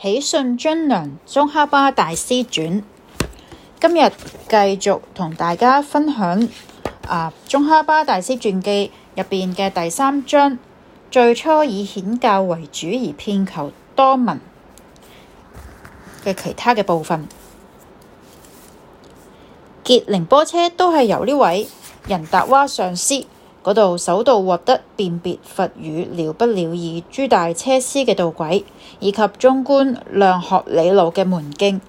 起信津梁宗喀巴大師傳，今日繼續同大家分享啊宗喀巴大師傳記入邊嘅第三章，最初以顯教為主而遍求多聞嘅其他嘅部分。傑凌波車都係由呢位仁達哇上師，嗰度首度獲得辨別佛語了不了義諸大車師嘅道軌，以及中觀量學理路嘅門徑，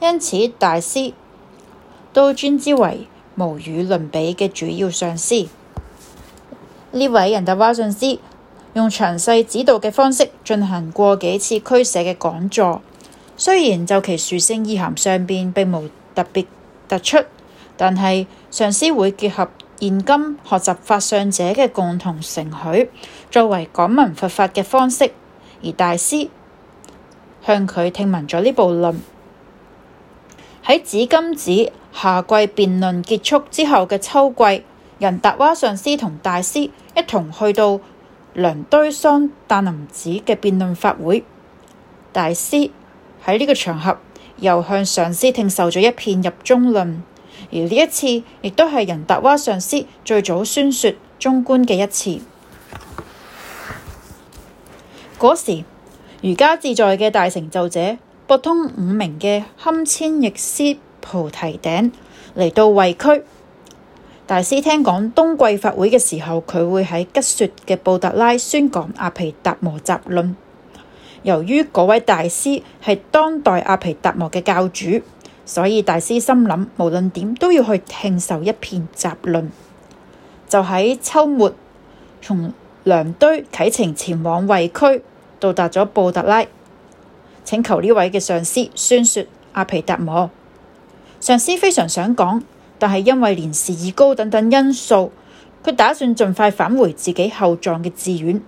因此大師都尊之為無與倫比嘅主要上師。呢位仁達瓦上師用詳細指導嘅方式進行過幾次俱舍嘅講座，雖然就其殊勝意涵上邊並無特別突出，但係上師會結合，現今學習法相者嘅共同承許，作為講文佛法嘅方式。而大師向佢聽聞咗呢部論。喺紫金寺夏季辯論結束之後嘅秋季，仁達哇上師同大師一同去到梁堆桑丹林寺嘅辯論法會。大師喺呢個場合又向上師聽受咗一片入中論。而呢一次，亦都係仁達哇上師最早宣說中觀嘅一次。嗰時，瑜伽自在嘅大成就者，博通五明嘅堪千譯師菩提頂嚟到衛區。大師聽講冬季法會嘅時候，佢會喺吉雪嘅布達拉宣講阿毗達摩雜論，由於嗰位大師係當代阿毗達摩嘅教主。所以大師心諗，無論點都要去聽受一片雜論。就喺秋末，從良堆啟程前往衛區，到達咗布特拉，請求呢位嘅上司宣説阿皮達摩。上司非常想講，但係因為年事已高等等因素，佢打算盡快返回自己後藏嘅寺院。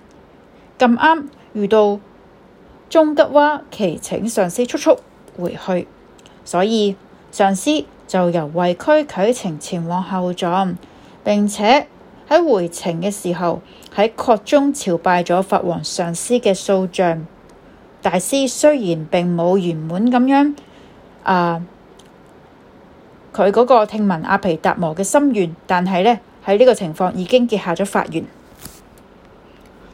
咁啱遇到中吉蛙，祈請上司速速回去。所以上師就由衛區啟程前往後藏，並且喺回程嘅時候喺確中朝拜咗法王上師嘅塑像。大師雖然並冇圓滿咁樣，啊，佢嗰個聽聞阿毗達磨嘅心願，但係咧喺呢個情況已經結下咗法緣。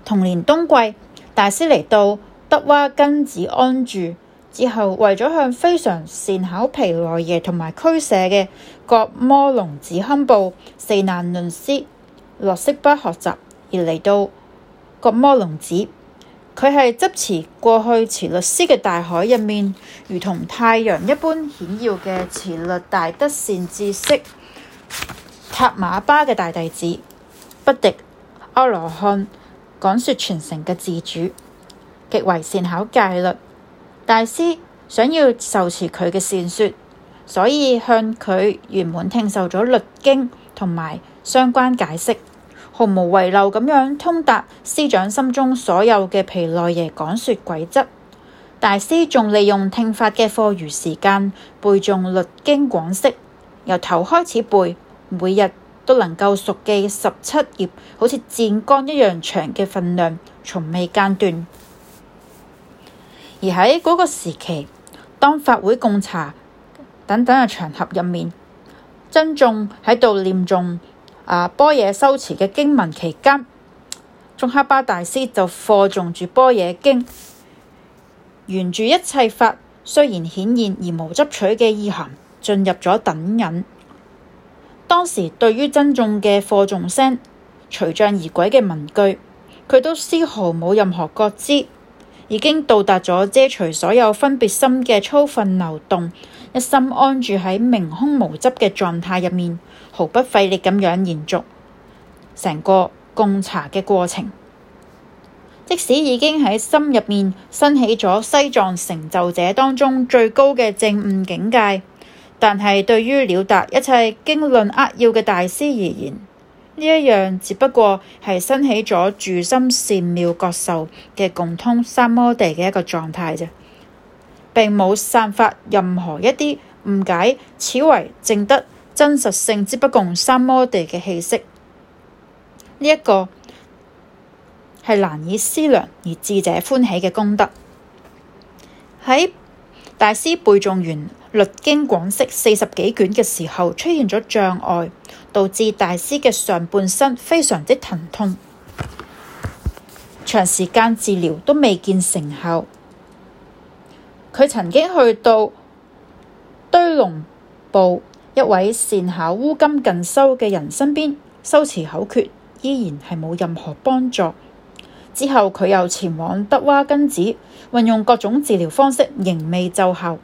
同年冬季，大師嚟到德哇根子安住。之後，為咗向非常善巧皮奈耶同埋區舍嘅葛摩隆子堪布四難論師洛色巴學習，而嚟到葛摩隆子。佢係執持過去慈律師嘅大海入面，如同太陽一般顯耀嘅慈律大德善知識塔馬巴嘅大弟子，不敵阿羅漢講説全城嘅自主，極為善巧戒律。大師想要受持佢嘅善說，所以向佢圓滿聽受咗律經同埋相關解釋，毫無遺漏咁樣通達師長心中所有嘅毗奈耶講說軌則，大師仲利用聽法嘅課餘時間背誦律經廣釋，由頭開始背，每日都能夠熟記十七頁，好似箭桿一樣長嘅份量，從未間斷。而喺嗰個時期，當法會供茶等等嘅場合入面，僧眾喺度念誦阿般若修持嘅經文期間，宗喀巴大師就課誦住般若經，緣住一切法雖然顯現而無執取嘅意涵，進入咗等引。當時對於僧眾嘅課誦聲、隨象而鬼》嘅文句，佢都絲毫冇任何覺知。已經到達咗遮除所有分別心嘅粗份流動，一心安住喺明空無執嘅狀態入面，毫不費力咁樣延續成個共茶嘅過程。即使已經喺心入面升起咗西藏成就者當中最高嘅正悟境界，但係對於了達一切經論扼要嘅大師而言，呢一樣只不過係生起咗住心善妙覺受嘅共通三摩地嘅一個狀態啫，並冇散發任何一啲誤解此為證得真實性之不共三摩地嘅氣息。呢一個係難以思量而智者歡喜嘅功德。喺大師背誦完《律經廣釋》四十幾卷嘅時候，出現咗障礙，導致大師嘅上半身非常之疼痛，長時間治療都未見成效。佢曾經去到堆龍部一位善巧烏金近修嘅人身邊修持口訣，依然係冇任何幫助。之後佢又前往德瓦根寺，運用各種治療方式，仍未奏效。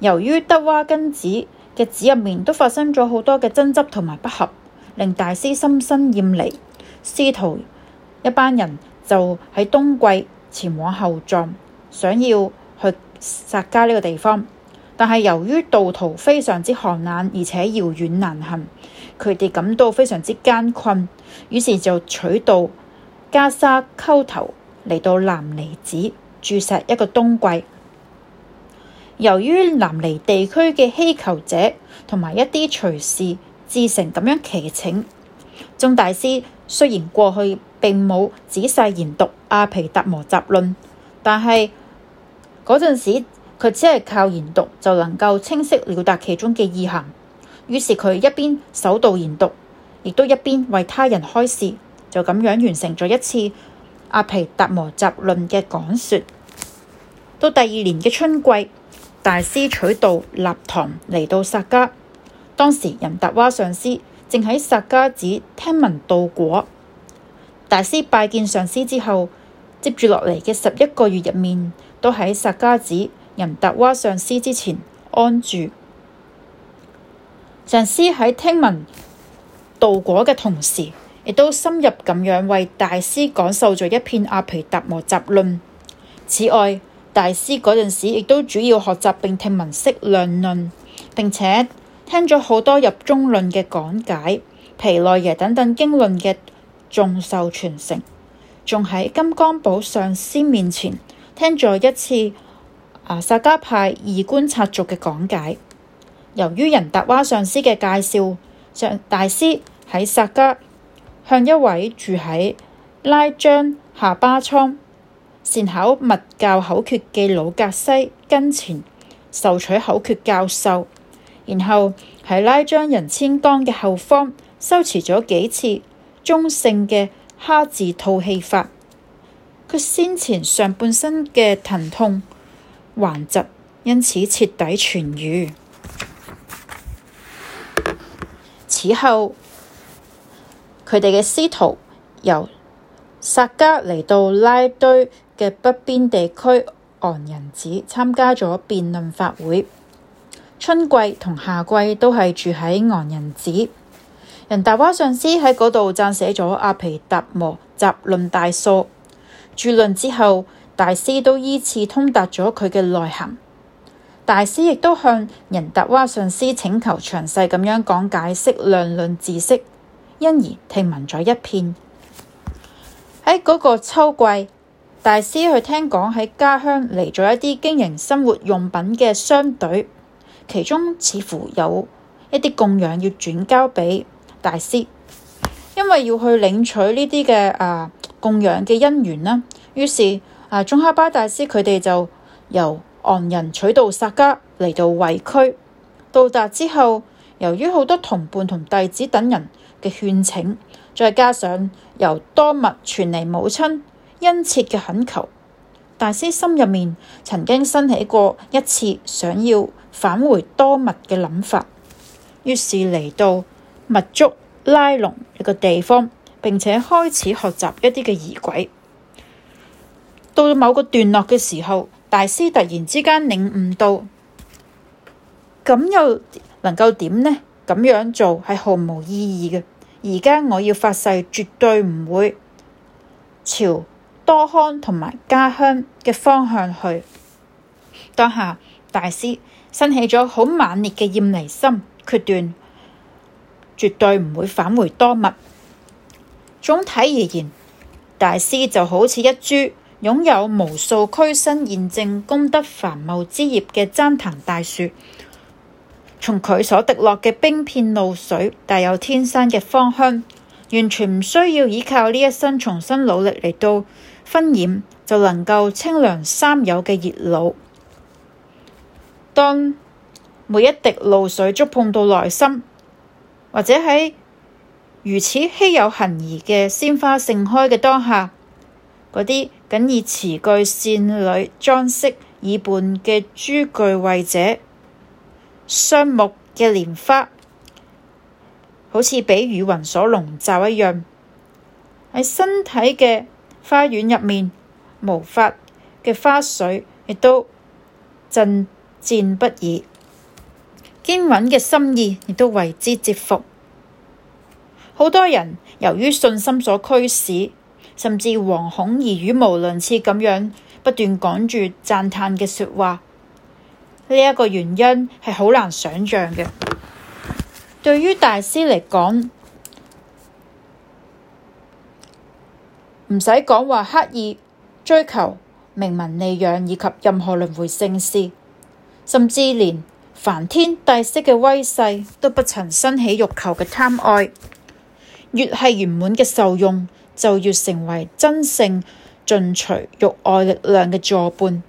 由於德瓦根寺嘅寺入面都發生咗好多嘅爭執同埋不合，令大師心生厭離。師徒一班人就喺冬季前往後藏，想要去薩迦呢個地方，但係由於道途非常之寒冷而且遙遠難行，佢哋感到非常之艱困，於是就取道加沙溝頭嚟到南尼寺，住錫一個冬季。由於南尼地區嘅希求者同埋一啲隨侍自成咁樣祈請，宗大師雖然過去並冇仔細研讀《阿毗達摩集論》，但是，但係嗰陣時佢只係靠研讀就能夠清晰了達其中嘅意涵。於是佢一邊手度研讀，亦都一邊為他人開示。就咁樣完成咗一次阿皮達摩集論嘅講説。到第二年嘅春季，大師取道立堂嚟到薩迦。當時仁達哇上師正喺薩迦寺聽聞道果。大師拜見上師之後，接住落嚟嘅十一個月入面，都喺薩迦寺仁達哇上師之前安住。上師喺聽聞道果嘅同時，亦都深入咁樣為大師講授咗一篇《阿皮達摩集論》。此外，大師嗰陣時亦都主要學習並聽聞釋量論，並且聽咗好多入中論嘅講解、皮內耶等等經論嘅眾受傳承，仲喺金剛寶上師面前聽咗一次啊，薩迦派二觀察族嘅講解。由於仁達娃上師嘅介紹，上大師喺薩迦。向一位住喺拉張下巴倉善口密教口訣嘅老格西跟前受取口訣教授，然後喺拉張仁千江嘅後方修持咗幾次中性嘅哈字吐氣法，佢先前上半身嘅疼痛頑疾因此徹底痊癒。此後。佢哋嘅師徒由薩迦嚟到拉堆嘅北邊地區昂仁寺參加咗辯論法會，春季同夏季都係住喺昂仁寺。仁達瓦上師喺嗰度撰寫咗《阿皮達摩集論大疏》，注論之後，大師都依次通達咗佢嘅內涵。大師亦都向仁達瓦上師請求詳細咁樣講解釋量論知識。因而聽聞咗一片。喺嗰個秋季，大師佢聽講喺家鄉嚟咗一啲經營生活用品嘅商隊，其中似乎有一啲供養要轉交畀大師，因為要去領取呢啲嘅誒供養嘅因緣啦。於是啊，宗喀巴大師佢哋就由昂仁取道薩迦嚟到衛區，到達之後。由於好多同伴同弟子等人嘅勸請，再加上由多密傳嚟母親殷切嘅懇求，大師心入面曾經生起過一次想要返回多密嘅諗法。於是嚟到密足拉隆一個地方，並且開始學習一啲嘅儀軌。到某個段落嘅時候，大師突然之間領悟到，咁又。能夠點呢？咁樣做係毫無意義嘅。而家我要發誓，絕對唔會朝多康同埋家鄉嘅方向去。當下，大師生起咗好猛烈嘅厭離心決斷，決斷絕對唔會返回多麥。總體而言，大師就好似一株擁有無數區身現證功德繁茂枝葉嘅旃檀大樹。從佢所滴落嘅冰片露水，帶有天生嘅芳香，完全唔需要依靠呢一生重新努力嚟到薰染，就能夠清涼三有嘅熱惱。當每一滴露水觸碰到內心，或者喺如此稀有恆而嘅鮮花盛開嘅當下，嗰啲僅以詞句線裏裝飾以伴嘅諸具慧者。雙目嘅蓮花，好似被雨雲所籠罩一樣；喺身體嘅花園入面，毛髮嘅花水亦都震戰不已，堅韌嘅心意亦都為之折服。好多人由於信心所驅使，甚至惶恐而語無倫次咁樣不斷講住讚嘆嘅説話。呢一個原因係好難想像嘅。對於大師嚟講，唔使講話刻意追求名聞利養以及任何輪迴盛事，甚至連梵天帝釋嘅威勢都不曾生起欲求嘅貪愛。越係圓滿嘅受用，就越成為真正盡除欲愛力量嘅助伴。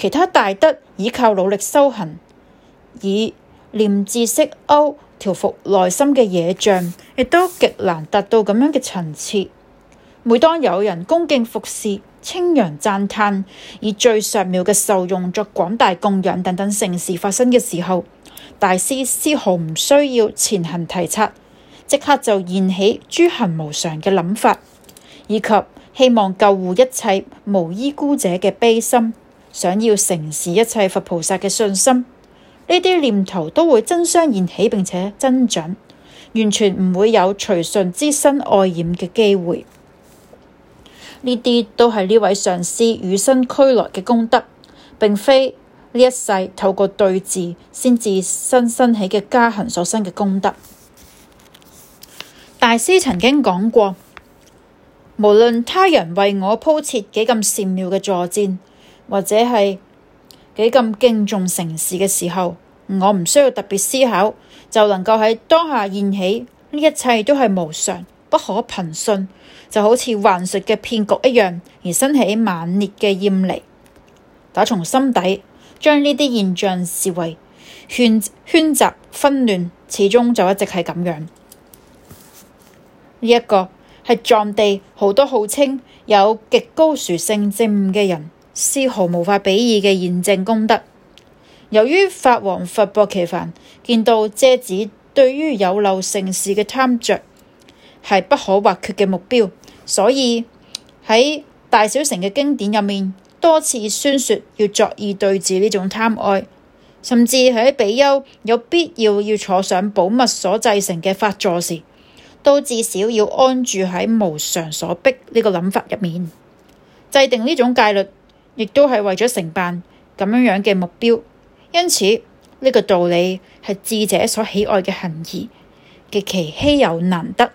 其他大德依靠努力修行，以念智釋歐調伏內心嘅野象，亦都極難達到咁樣嘅層次。每當有人恭敬服侍、稱揚讚嘆，以最上妙嘅受用作廣大供養等等盛事發生嘅時候，大師絲毫唔需要前行提察，即刻就現起諸行無常嘅諗法，以及希望救護一切無依孤者嘅悲心。想要成事一切佛菩薩嘅信心，呢啲念頭都會爭相現起，並且增長，完全唔會有隨順之身外染嘅機會。呢啲都係呢位上師與生俱來嘅功德，並非呢一世透過對治，先至新生起嘅加行所生嘅功德。大師曾經講過，無論他人為我鋪設幾咁善妙嘅坐墊，或者係幾咁敬重城市嘅時候，我唔需要特別思考，就能夠喺當下現起呢一切，都係無常，不可憑信，就好似幻術嘅騙局一樣，而生起猛烈嘅厭離。打從心底將呢啲現象視為圈圈雜紛亂，始終就一直係咁樣。呢一個係藏地好多號稱有極高殊勝證悟嘅人。絲毫無法比擬嘅現證功德。由於法王佛薄伽梵見到遮止對於有漏盛事嘅貪着係不可或缺嘅目標，所以喺大小乘嘅經典入面多次宣說要作意對治呢種貪愛，甚至喺比丘有必要要坐上寶物所製成嘅法座時，都至少要安住喺無常所逼呢個諗法入面，制定呢種戒律。亦都係為咗承辦咁樣樣嘅目標，因此呢、這個道理係智者所喜愛嘅行誼，極其稀有難得。